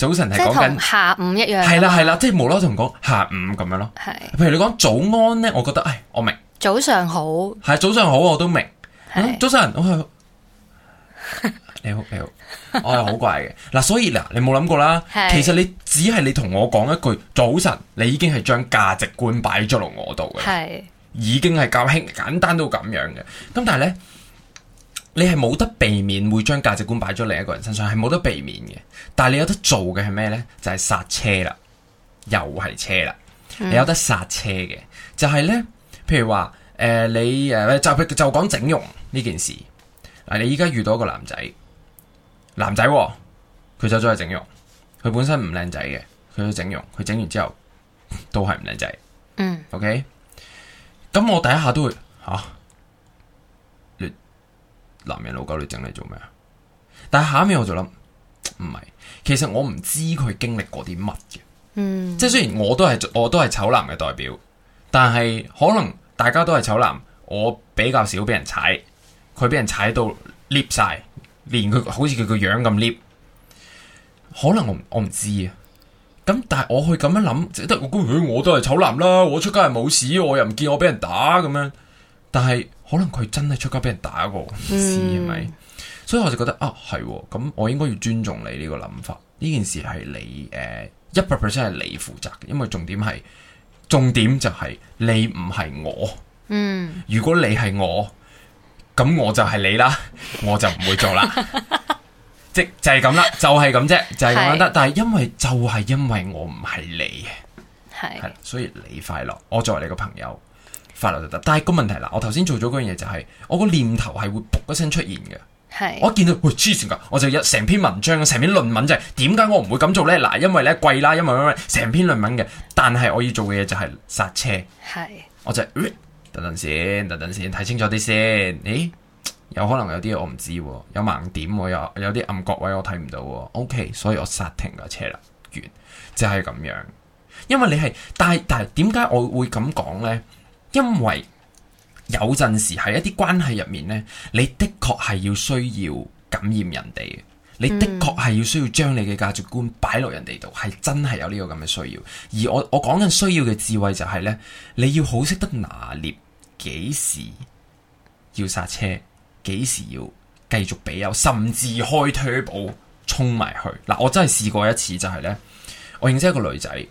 早晨係講緊下午一樣，係啦係啦，即係無啦啦同講下午咁樣咯。係，譬如你講早安咧，我覺得，唉、哎，我明。早上好，係早上好，我都明的、啊。早晨，我 你好，你好，我係好怪嘅。嗱、啊，所以嗱，你冇諗過啦。其實你只係你同我講一句早晨，你已經係將價值觀擺咗落我度嘅，係的已經係咁輕簡單到咁樣嘅。咁但係咧。你係冇得避免會將價值觀擺咗另一個人身上，係冇得避免嘅。但係你有得做嘅係咩呢？就係、是、剎車啦，又係車啦。你有得剎車嘅，就係、是、呢。譬如話誒、呃，你誒、呃、就就講整容呢件事。嗱，你依家遇到一個男仔，男仔、啊，佢就走去整容。佢本身唔靚仔嘅，佢去整容，佢整完之後都係唔靚仔。嗯，OK。咁我第一下都會吓。啊男人老狗你整嚟做咩啊？但係下一面我就諗唔係，其實我唔知佢經歷過啲乜嘅。嗯，即係雖然我都係，我都係醜男嘅代表，但係可能大家都係醜男，我比較少俾人踩，佢俾人踩到裂晒，連佢好似佢個樣咁裂。可能我我唔知啊。咁但係我去咁樣諗，得、哎、我都係醜男啦。我出街係冇事，我又唔見我俾人打咁樣，但係。可能佢真係出街俾人打過，唔知係咪、嗯？所以我就覺得啊，係咁，我應該要尊重你呢個諗法。呢件事係你誒，一百 percent 係你負責嘅。因為重點係，重點就係你唔係我。嗯，如果你係我，咁我就係你啦，我就唔會做啦。即 就係咁啦，就係咁啫，就係咁樣得。是但係因為就係、是、因為我唔係你，係是，所以你快樂，我作為你個朋友。但係個問題啦，我頭先做咗嗰樣嘢就係、是，我個念頭係會卟一聲出現嘅，是我見到，喂黐綫噶，我就有成篇文章，成篇論文就係、是，點解我唔會咁做呢？嗱，因為呢，貴啦，因為咩咩成篇論文嘅，但係我要做嘅嘢就係剎車，是我就等陣先，等陣先，睇清楚啲先，誒，有可能有啲我唔知、啊，有盲點、啊，有有啲暗角位我睇唔到、啊、，OK，所以我剎停架車啦，完就係、是、咁樣，因為你係，但係但係點解我會咁講呢？因為有陣時喺一啲關係入面呢，你的確係要需要感染人哋，你的確係要需要將你嘅價值觀擺落人哋度，係真係有呢個咁嘅需要。而我我講緊需要嘅智慧就係呢：你要好識得拿捏幾時要剎車，幾時要繼續俾油，甚至開退步，衝埋去。嗱，我真係試過一次就係、是、呢：我認識一個女仔。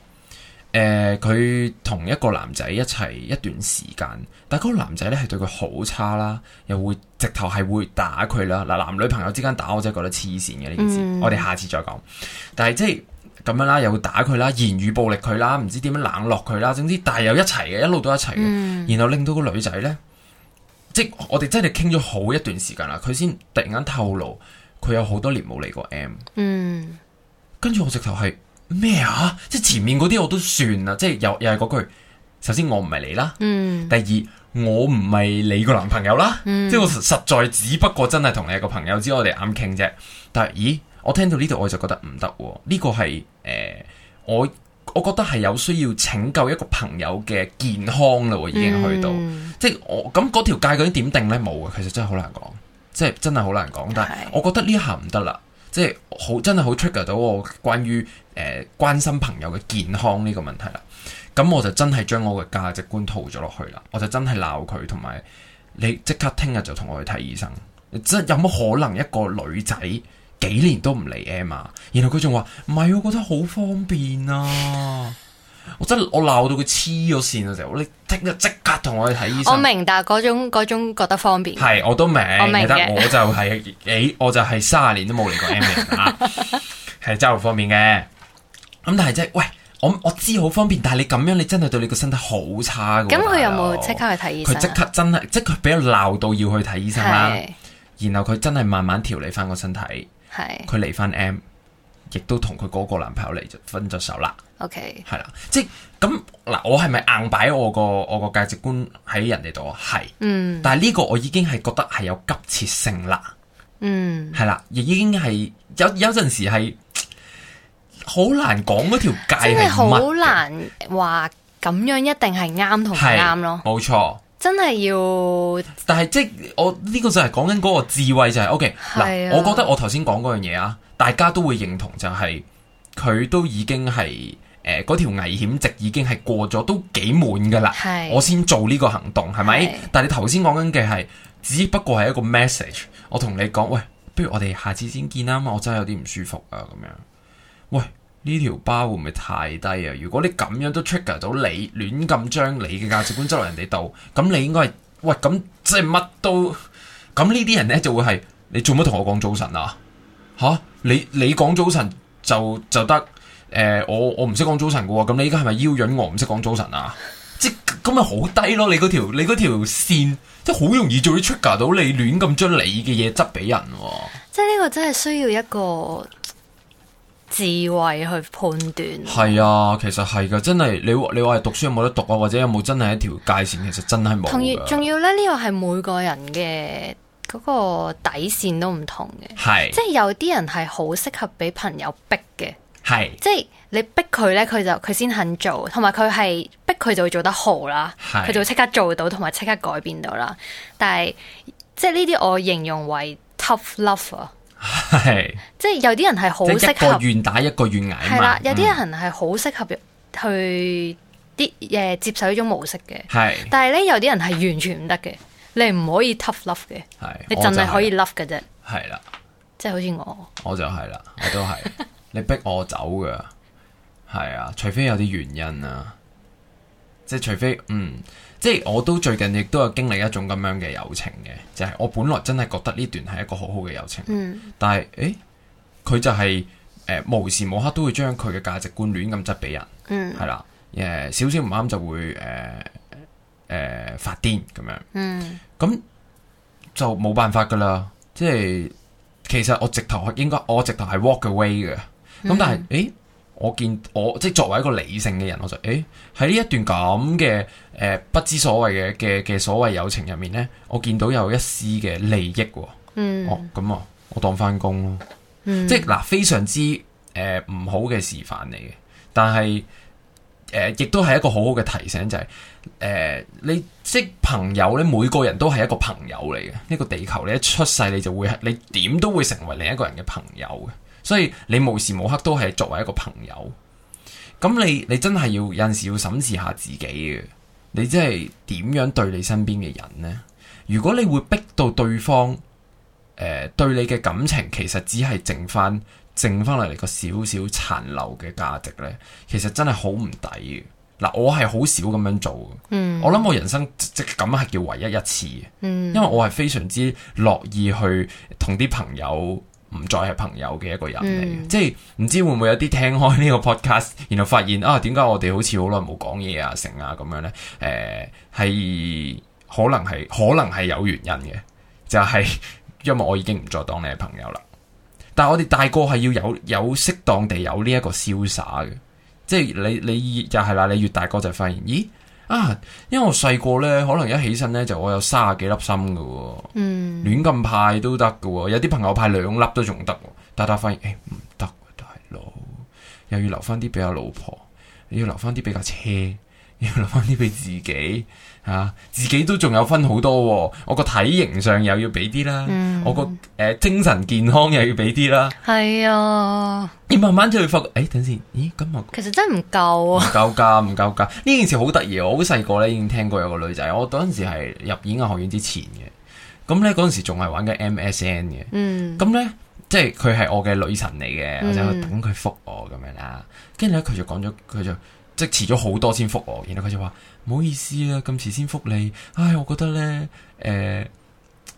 誒，佢同、呃、一個男仔一齊一段時間，但係嗰個男仔咧係對佢好差啦，又會直頭係會打佢啦。嗱，男女朋友之間打我真係覺得黐線嘅呢件事，我哋下次再講。但係即係咁樣啦，又會打佢啦，言語暴力佢啦，唔知點樣冷落佢啦，總之，但係又一齊嘅，一路都一齊嘅，嗯、然後令到個女仔咧，即係我哋真係傾咗好一段時間啦，佢先突然間透露佢有好多年冇嚟過 M。嗯，跟住我直頭係。咩啊？即係前面嗰啲我都算啦，即係又又係嗰句。首先我唔係你啦，嗯，第二我唔係你個男朋友啦，嗯、即係我實在只不過真係同你係個朋友之，只我哋啱傾啫。但係咦，我聽到呢度我就覺得唔得，啊、呢、呢個係誒、呃、我我覺得係有需要拯救一個朋友嘅健康咯，已經去到，嗯、即係我咁嗰條界究竟點定呢？冇啊？其實真係好難講，即係真係好難講。但係我覺得呢一下唔得啦。即係好真係好 trigger 到我關於誒、呃、關心朋友嘅健康呢個問題啦，咁我就真係將我嘅價值觀套咗落去啦，我就真係鬧佢同埋你即刻聽日就同我去睇醫生，即係有冇可能一個女仔幾年都唔嚟 M 啊？A? 然後佢仲話唔係，我覺得好方便啊！我真係我鬧到佢黐咗線嘅時候，你即刻即刻同我去睇醫生。我明白嗰種嗰種覺得方便。係，我都明。我明嘅我就係誒，我就係卅年都冇嚟過 M 嘅吓、啊，係 真係方便嘅。咁、嗯、但係即係，喂，我我知好方便，但係你咁樣，你真係對你個身體好差。咁佢有冇即刻去睇醫生、啊？佢即刻真係，即佢俾佢鬧到要去睇醫生啦、啊。的然後佢真係慢慢調理翻個身體。係的。佢離翻 M，亦都同佢嗰個男朋友離咗，分咗手啦。O K，係啦，即係咁嗱，我係咪硬擺我個我個價值觀喺人哋度啊？係，嗯、但係呢個我已經係覺得係有急切性啦，嗯，係啦，亦已經係有有陣時係好難講嗰條界係乜嘅，真係好難話咁樣一定係啱同唔啱咯，冇錯，真係要，但係即我呢個就係講緊嗰個智慧就係 O K，嗱，我覺得我頭先講嗰樣嘢啊，大家都會認同就係佢都已經係。嗰條、呃、危險值已經係過咗，都幾滿噶啦，是我先做呢個行動係咪？是但係你頭先講緊嘅係，只不過係一個 message。我同你講，喂，不如我哋下次先見啦。我真係有啲唔舒服啊，咁樣。喂，呢條包會唔會太低啊？如果你咁樣都 trigger 到你，亂咁將你嘅價值觀周落人哋度，咁 你應該係，喂，咁即係乜都，咁呢啲人呢，就會係，你做乜同我講早晨啊？吓，你你講早晨就就得。誒、呃，我我唔識講早晨嘅喎，咁你依家係咪邀引我唔識講早晨啊？即係咁咪好低咯，你嗰條你條線，即係好容易做咗出格到你亂你、啊，你亂咁將你嘅嘢執俾人。即係呢個真係需要一個智慧去判斷、啊。係啊，其實係噶，真係你你話係讀書有冇得讀啊？或者有冇真係一條界線？其實真係冇。同要仲要咧，呢、這個係每個人嘅嗰個底線都唔同嘅。係是，即係有啲人係好適合俾朋友逼嘅。係，是即係你逼佢咧，佢就佢先肯做，同埋佢係逼佢就會做得好啦，佢是就會即刻做到，同埋即刻改變到啦。但係即係呢啲我形容為 tough love 啊是，係，即係有啲人係好適合，一個願打一個願挨，係啦。有啲人係好適合去啲誒、呃、接受呢種模式嘅，係是。但係咧有啲人係完全唔得嘅，你唔可以 tough love 嘅，係是，你淨係可以 love 嘅啫，係啦，即係好似我，我就係啦，我都係。 你逼我走噶，係啊，除非有啲原因啊，即係除非，嗯，即係我都最近亦都有經歷一種咁樣嘅友情嘅，就係我本來真係覺得呢段係一個好好嘅友情，嗯、但係誒，佢、欸、就係、是、誒、呃、無時無刻都會將佢嘅價值觀亂咁執俾人，嗯，係啦、啊，誒、嗯 yeah, 少少唔啱就會誒誒、呃呃、發癲咁樣，嗯，咁就冇辦法噶啦，即係其實我直頭應該我直頭係 walk away 嘅。咁但係，誒、欸，我見我即係作為一個理性嘅人，我就誒喺呢一段咁嘅誒不知所謂嘅嘅嘅所謂友情入面呢，我見到有一絲嘅利益、哦，嗯，哦，咁啊，我當翻工咯，嗯、即係嗱非常之誒唔、呃、好嘅示範嚟嘅，但係誒、呃、亦都係一個好好嘅提醒，就係、是、誒、呃、你即朋友咧，你每個人都係一個朋友嚟嘅，一、呢個地球你一出世你就會係你點都會成為另一個人嘅朋友嘅。所以你無時無刻都係作為一個朋友，咁你你真係要有陣時要審視下自己嘅，你真係點樣對你身邊嘅人呢？如果你會逼到對方，誒、呃、對你嘅感情其實只係剩翻剩翻嚟個少少殘留嘅價值呢，其實真係好唔抵，嗱，我係好少咁樣做嘅，mm. 我諗我人生即咁係叫唯一一次，因為我係非常之樂意去同啲朋友，唔再係朋友嘅一個人嚟，嗯、即係唔知會唔會有啲聽開呢個 podcast，然後發現啊，點解我哋好似好耐冇講嘢啊，成啊咁樣呢，誒、呃，係可能係可能係有原因嘅，就係、係、因為我已經唔再當你係朋友啦。但係我哋大個係要有有適當地有呢一個瀟灑嘅，即係你你又係啦，你越大個就發現，咦？啊，因為我細個呢，可能一起身呢，就我有三十幾粒心嘅喎、哦，嗯、亂咁派都得嘅喎，有啲朋友派兩粒都仲得，但係發現誒唔得，大佬又要留翻啲俾阿老婆，又要留翻啲俾架車。要留翻啲俾自己吓、啊，自己都仲有分好多、啊。我個體型上又要俾啲啦，嗯、我個誒、呃、精神健康又要俾啲啦。係啊，要慢慢就發覺。誒、欸，等先，咦，咁啊，其實真係唔夠啊，唔夠㗎，唔夠㗎。呢件事好得意，我好細個咧已經聽過有個女仔，我嗰陣時係入演藝學院之前嘅。咁咧嗰陣時仲係玩緊 MSN 嘅。嗯，咁咧即係佢係我嘅女神嚟嘅，嗯、我就等佢覆我咁樣啦。跟住咧佢就講咗，佢就。即係遲咗好多先復我，然後佢就話唔好意思啊，咁遲先復你。唉，我覺得呢，誒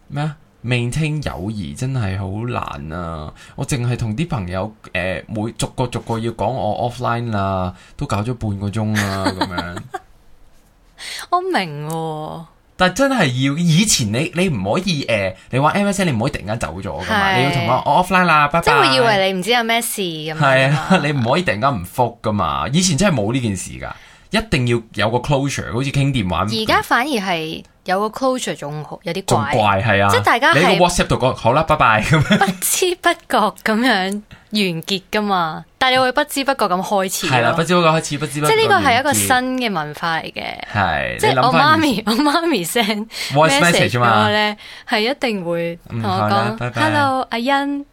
咩啊，maintain 友誼真係好難啊！我淨係同啲朋友誒、呃，每逐個逐個要講我 offline 啦、啊，都搞咗半個鐘啦、啊，咁樣。 我明喎、哦。但真係要以前你你唔可以誒、呃，你話 MSN 你唔可以突然間走咗噶嘛，是你要同我 offline 啦，即、oh，係會以為你唔知有咩事咁樣。係啊，你唔可以突然間唔覆噶嘛，以前真係冇呢件事噶。一定要有個 closure，好似傾電話咁。而家反而係有個 closure 仲好，有啲怪。仲怪係啊，即係大家喺 WhatsApp 度講，好啦，拜拜咁。不知不覺咁樣完結噶嘛，但係你會不知不覺咁開始。係啦，不知不覺開始，不知不覺。即係呢個係一個新嘅文化嚟嘅。係，即係我媽咪，我媽咪 send message 啫嘛，咧係一定會同我講，hello，阿欣。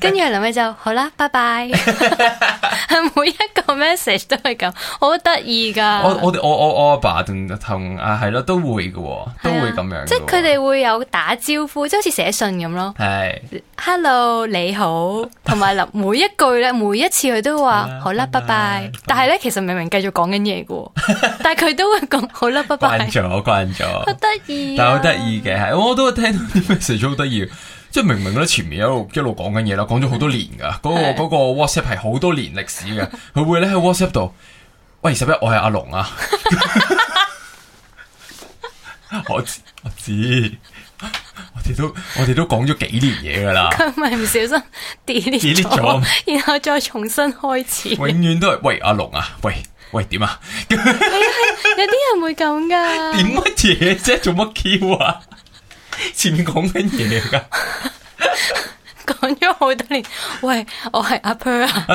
跟住林尾就好啦，拜拜。係每一個 message 都係咁，好得意噶。我我我我阿爸同同，係咯，都會噶，都會咁樣。即係佢哋會有打招呼，即係好似寫信咁咯。係，hello 你好，同埋啦，每一句咧，每一次佢都話好啦，拜拜。但係咧，其實明明繼續講緊嘢噶，但係佢都會講好啦，拜拜。慣咗，我慣咗，好得意，但係好得意嘅係，我都聽到啲 message 好得意。.即係明明咧，前面一路一路講緊嘢啦，講咗好多年噶，嗰、嗰個、嗰個 WhatsApp 係好多年歷史嘅，佢會咧喺 WhatsApp 度，喂十一、啊， 我係阿龍啊，我我知，我哋都我哋都講咗幾年嘢噶啦，佢咪唔小心 delete 咗，叮叮然後再重新開始，永遠都係喂阿龍啊，喂喂點啊， 哎、有啲人會咁噶，點乜嘢啫，做乜 Q 啊.？ 前面講乜嘢嚟噶？講咗好多年。喂，我係阿 Per 啊，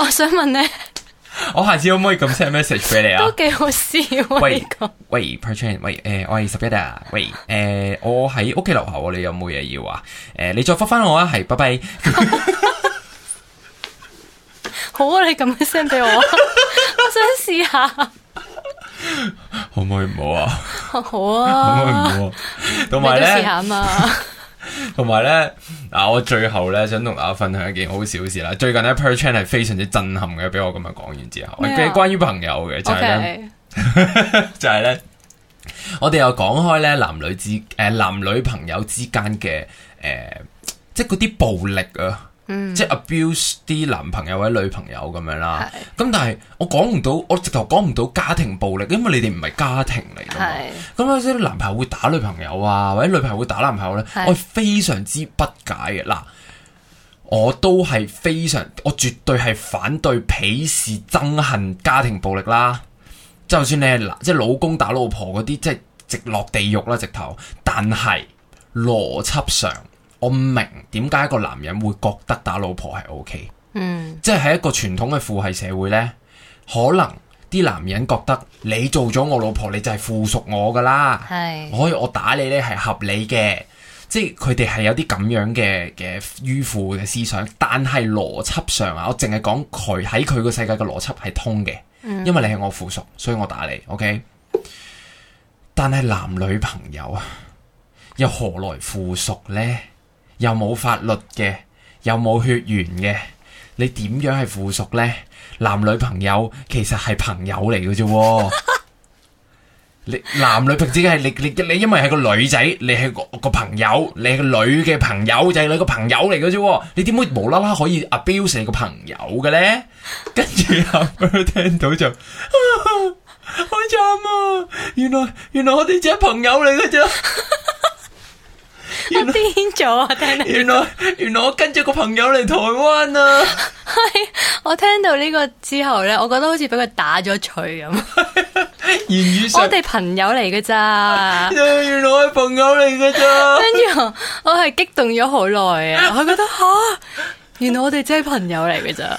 我想問咧， 我下次可唔可以咁 send message 俾你啊？都幾好笑！喂，喂 p e r t r a i 喂誒，我係拾壹啊，喂誒、呃，我喺屋企樓下，你有冇嘢要啊？誒、呃，你再覆返我啊，係拜拜。 好啊，你咁 send 俾我，我想試下。 可唔可以唔好啊？ 好啊，可唔可以唔好？同埋咧，同埋咧，啊！我最後咧想同大家分享一件好小事啦。最近咧，Per Chan 係非常之震撼嘅，俾我今日講完之後，我嘅麼關於朋友嘅就係咧，就係咧 Okay. 我哋又講開咧男女之，誒男女朋友之間嘅誒，即係嗰啲暴力啊。即係 abuse 啲男朋友或者女朋友咁樣啦，咁是但係我講唔到，我直頭講唔到家庭暴力，因為你哋唔係家庭嚟嘅。咁有啲男朋友會打女朋友啊，或者女朋友會打男朋友咧，是我非常之不解嘅。嗱，我都係非常，我絕對係反對、鄙視、憎恨家庭暴力啦。就算你係即係老公打老婆嗰啲，即係直落地獄啦，直頭。但係邏輯上。我唔明點解一個男人會覺得打老婆係 OK，嗯，即係喺一個傳統嘅父系社會呢，可能啲男人覺得你做咗我老婆，你就係附屬我噶啦，係是，我可以我打你呢係合理嘅，即係佢哋係有啲咁樣嘅嘅迂腐嘅思想，但係邏輯上啊，我淨係講佢喺佢個世界嘅邏輯係通嘅，嗯，因為你係我附屬，所以我打你，OK。OK？但係男女朋友啊，又何來附屬呢？又冇法律嘅，又冇血緣嘅，你點樣係附屬呢？男女朋友其實係朋友嚟嘅啫。你男女朋友係你你因為係個女仔，你係個，個朋友，你係個女嘅朋友就係你個朋友嚟嘅啫。你點會無啦啦可以阿彪成個朋友嘅呢？跟住阿彪聽到就好慘啊！原來原來我哋只係朋友嚟嘅啫。癲咗啊！原來，聽原，來原來我跟住個朋友嚟台灣啊 我聽到呢個之後咧，我覺得好似俾佢打咗錘咁。言 語上我哋朋友嚟噶咋？ 原來係朋友嚟噶咋？跟住我係激動咗好耐啊！我覺得吓、啊，原來我哋真係朋友嚟噶咋？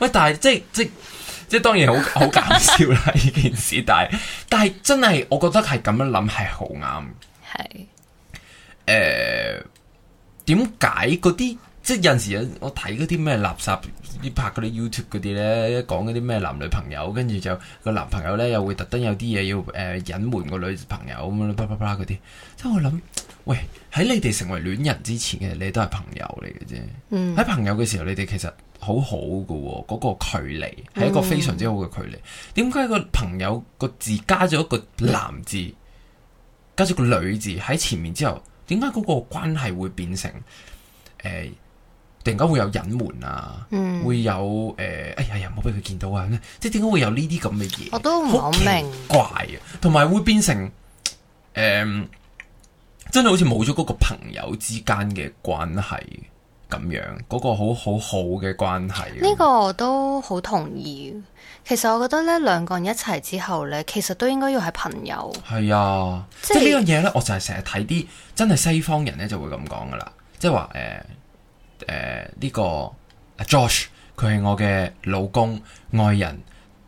喂， 但係即係即係即係當然好好搞笑啦！呢件事，但係但係真係，我覺得係咁樣諗係好啱。係。誒，點解嗰啲即係有陣時我睇嗰啲咩垃圾啲拍嗰啲 YouTube 嗰啲呢，講嗰啲咩男女朋友，跟住就個男朋友呢，又會特登有啲嘢，要誒隱瞞個女朋友咁樣，啪啪啪嗰啲，即係我諗，喂，喺你哋成為戀人之前嘅，你都係朋友嚟嘅啫，喺、嗯、朋友嘅時候你哋其實好好㗎喎，嗰個距離係一個非常之好嘅距離。點解、嗯，個朋友個字加咗個男字，嗯、加咗個女字喺前面之後？點解嗰個關係會變成誒、呃，突然間會有隱瞞啊，嗯、會有誒、呃，哎呀呀、哎，唔好俾佢見到啊！即係點解會有呢啲咁嘅嘢？我都唔好明怪啊，同埋會變成誒、呃，真係好似冇咗嗰個朋友之間嘅關係。咁樣嗰、那個好好好嘅關係，呢個我都好同意。其實我覺得咧，兩個人一齊之後咧，其實都應該要係朋友。係啊，即係是呢樣嘢咧，我就係成日睇啲真係西方人咧就會咁講噶啦，即係話誒誒呢個 Josh 佢係我嘅老公愛人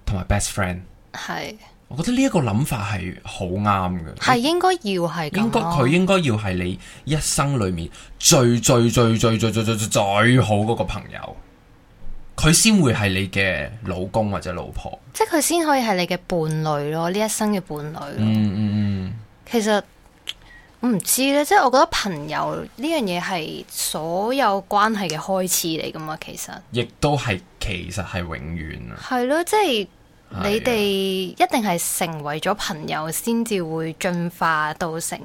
同埋 best friend。係。我覺得呢一個諗法係好啱嘅，係應該要係咁。應該佢應該要係你一生裏面最最最最最最最最好嗰個朋友，佢先會係你嘅老公或者老婆，即係佢先可以係你嘅伴侶咯，呢一生嘅伴侶咯。嗯嗯嗯，其實我唔知咧，即係我覺得朋友呢樣嘢係所有關係嘅開始嚟噶嘛，其實亦都係其實係永遠啊，係咯，即係。你哋一定係成為咗朋友，先至會進化到成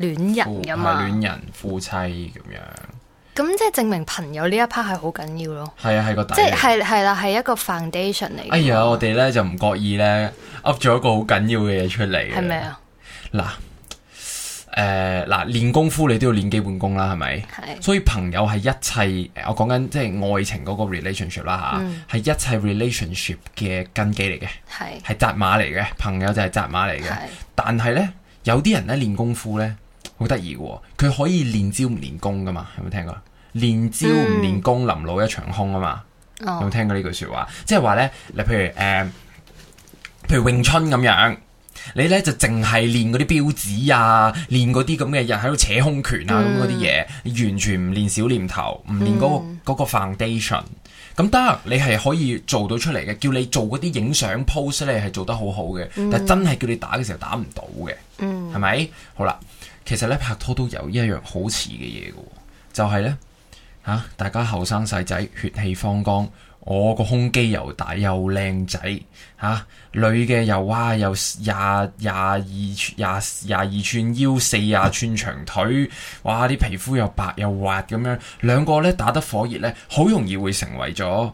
戀人噶嘛？唔係戀人，夫妻咁樣。咁即係證明朋友呢一 part 係好緊要咯。係啊， 係個即係係啦，係一個 foundation 嚟。哎呀，我哋咧就唔覺意咧噏咗一個好緊要嘅嘢出嚟。係咪啊？嗱。誒，嗱，練、呃、功夫你都要練基本功啦，係咪？係。是 所以朋友係一切，我講緊即係愛情嗰個 relationship 啦、啊、吓，係、嗯、一切 relationship 嘅根基嚟嘅。係。係扎馬嚟嘅，朋友就係扎馬嚟嘅。是 但係咧，有啲人咧練功夫咧好得意嘅，佢可以練招唔練功噶嘛？有冇聽過？練招唔練功，臨老一場空啊嘛。嗯、有冇聽過呢句說話？即係話咧，你譬如誒，譬如詠、呃、春咁樣。你呢就淨係練嗰啲標指啊，練嗰啲咁嘅人喺度扯空拳啊，咁嗰啲嘢，你完全唔練小念頭，唔練嗰個、mm. 個 foundation，咁得你係可以做到出嚟嘅。叫你做嗰啲影相 pose 呢，係做得好好嘅，mm. 但真係叫你打嘅時候打唔到嘅，係咪、mm.？好啦，其實呢拍拖都有一樣好似嘅嘢嘅，就係、是、呢、吓、啊，大家後生細仔，血氣方剛。我個胸肌又大又靚仔，吓、啊、女嘅又哇又廿廿二,二,二,二寸腰四廿寸長腿，哇啲皮膚又白又滑咁樣，兩個呢打得火熱呢，好容易會成為咗、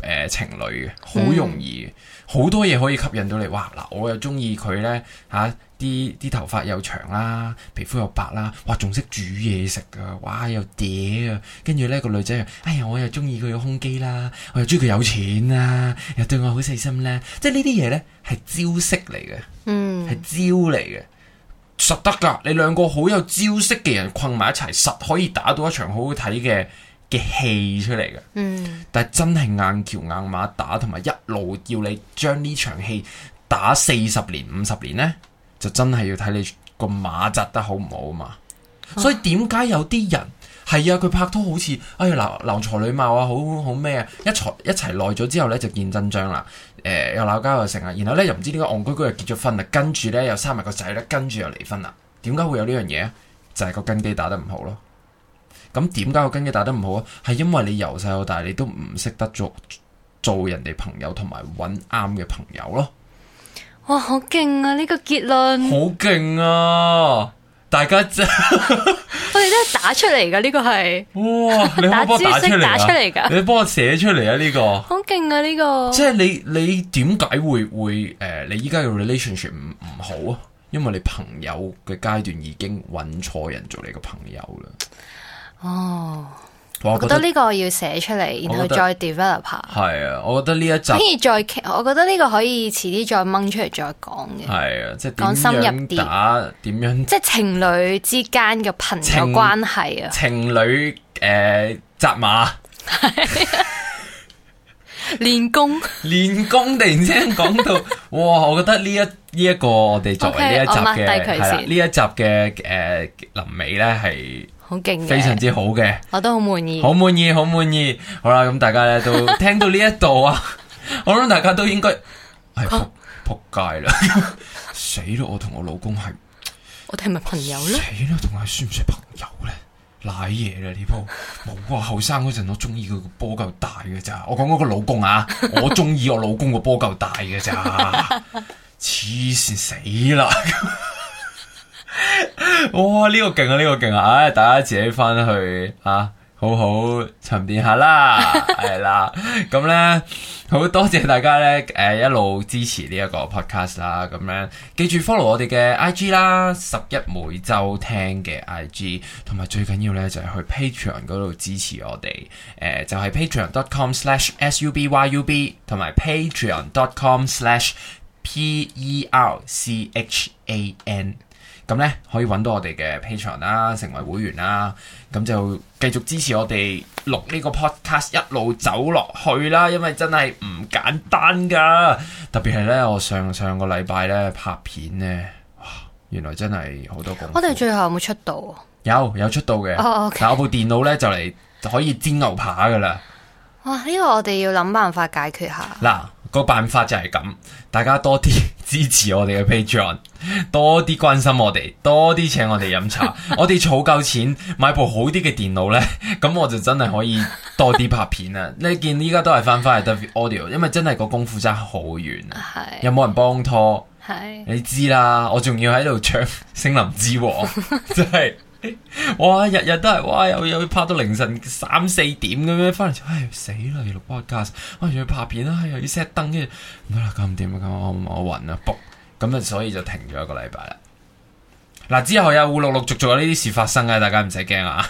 呃、情侶嘅，好容易，好、嗯、多嘢可以吸引到你。哇！嗱，我又中意佢呢。吓、啊。啲啲頭髮又長啦，皮膚又白啦，哇，仲識煮嘢食噶、啊，哇，又嗲啊。跟住呢、呢個女仔，哎呀，我又中意佢嘅胸肌啦，我又中意佢有錢啦，又對我好細心呢。即係呢啲嘢呢，係招式嚟嘅，嗯，係招嚟嘅，實得噶。你兩個好有招式嘅人困埋一齊，實可以打到一場好好睇嘅嘅戲出嚟嘅，嗯。但係真係硬橋硬馬打，同埋一路要你將呢場戲打四十年、五十年呢。就真係要睇你個馬扎得好唔好嘛，啊、所以點解有啲人係啊佢拍拖好似哎呀郎郎才女貌啊好好咩啊一才一齊耐咗之後呢，就見真章啦、呃，又鬧交又成啊，然後呢，又唔知點解戇居居又結咗婚啦，跟住呢，又生埋個仔啦，跟住又離婚啦，點解會有呢樣嘢？就係、是、個根基打得唔好咯。咁點解個根基打得唔好啊？係因為你由細到大你都唔識得做做人哋朋友同埋揾啱嘅朋友咯。哇，好勁啊！呢、這個結論好勁啊！大家即係， 可可我哋都係打出嚟噶，啊，呢個係哇，打知識打出嚟噶，你幫我寫出嚟啊！呢個好勁啊！呢個即係你你點解會會誒？你依家嘅 relationship 唔唔好啊？因為你朋友嘅階段已經揾錯人做你個朋友啦。哦。我覺得呢個要寫出嚟，然後再 develop 下。係啊，我覺得呢一集可以再，我覺得呢個可以遲啲再掹出嚟再講嘅。係啊，即係講深入啲啊，點樣？即係情侶之間嘅朋友關係啊。情侶誒，扎馬練功，練功突然之間講到，哇！我覺得呢一呢一個我哋作為呢一集嘅，呢一集嘅誒，臨尾咧係。好勁，非常之好嘅，我都好滿意，好滿意，好滿意。好啦，咁大家咧都聽到呢一度啊， 我諗大家都應該扑扑街啦，死 咯！我同我老公係、啊，我哋係咪朋友咧？死啦！同我算唔算朋友咧？瀨嘢啦呢鋪，冇啊！後生嗰陣我中意佢個波夠大嘅咋，我講嗰個老公啊， 我中意我老公個波夠大嘅咋，黐線死啦！ 哇！呢、這個勁啊，呢、這個勁啊，唉、哎，大家自己翻去啊，好好沉澱下啦，係 啦。咁呢，好多謝大家呢，誒、呃，一路支持呢一個 podcast 啦。咁樣記住 follow 我哋嘅 I G 啦，十一每周聽嘅 I G，同埋最緊要呢，就係、是、去 Patreon 嗰度支持我哋。誒、呃，就係 patreon.com/subyub slash 同埋 patreon.com/perchan slash。N 咁呢，可以揾到我哋嘅 Patreon 啦，成為會員啦，咁就繼續支持我哋錄呢個 podcast 一路走落去啦，因為真係唔簡單噶。特別係呢，我上上個禮拜呢，拍片呢，哇，原來真係好多工。我哋最後有冇出道？有有出道嘅，嗱，我部電腦呢，就嚟可以煎牛扒噶啦。哇、哦！呢、這個我哋要諗辦法解決下嗱！個辦法就係咁，大家多啲支持我哋嘅 Patreon，多啲關心我哋，多啲請我哋飲茶， 我哋儲夠錢買部好啲嘅電腦呢，咁我就真係可以多啲拍片啦。 你見依家都係翻翻係特別 audio，因為真係個功夫差好遠， 有冇人幫拖？ 你知啦，我仲要喺度唱《森林之王》，真係。哇，日日都係哇，又要拍到凌晨三四點咁樣，翻嚟就唉死啦！六百加，我又要拍片啦，又要 set 燈，跟住嗱咁點啊？我我我暈啦 b o o 咁啊，所以就停咗一個禮拜啦。嗱，之後又會隆隆隆隆有陸陸續續有呢啲事發生嘅，大家唔使驚啊。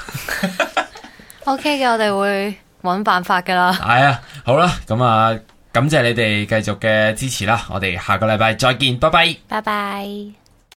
OK 嘅，我哋會搵辦法噶啦。係 啊，好啦，咁啊，感謝你哋繼續嘅支持啦，我哋下個禮拜再見，拜拜，拜拜。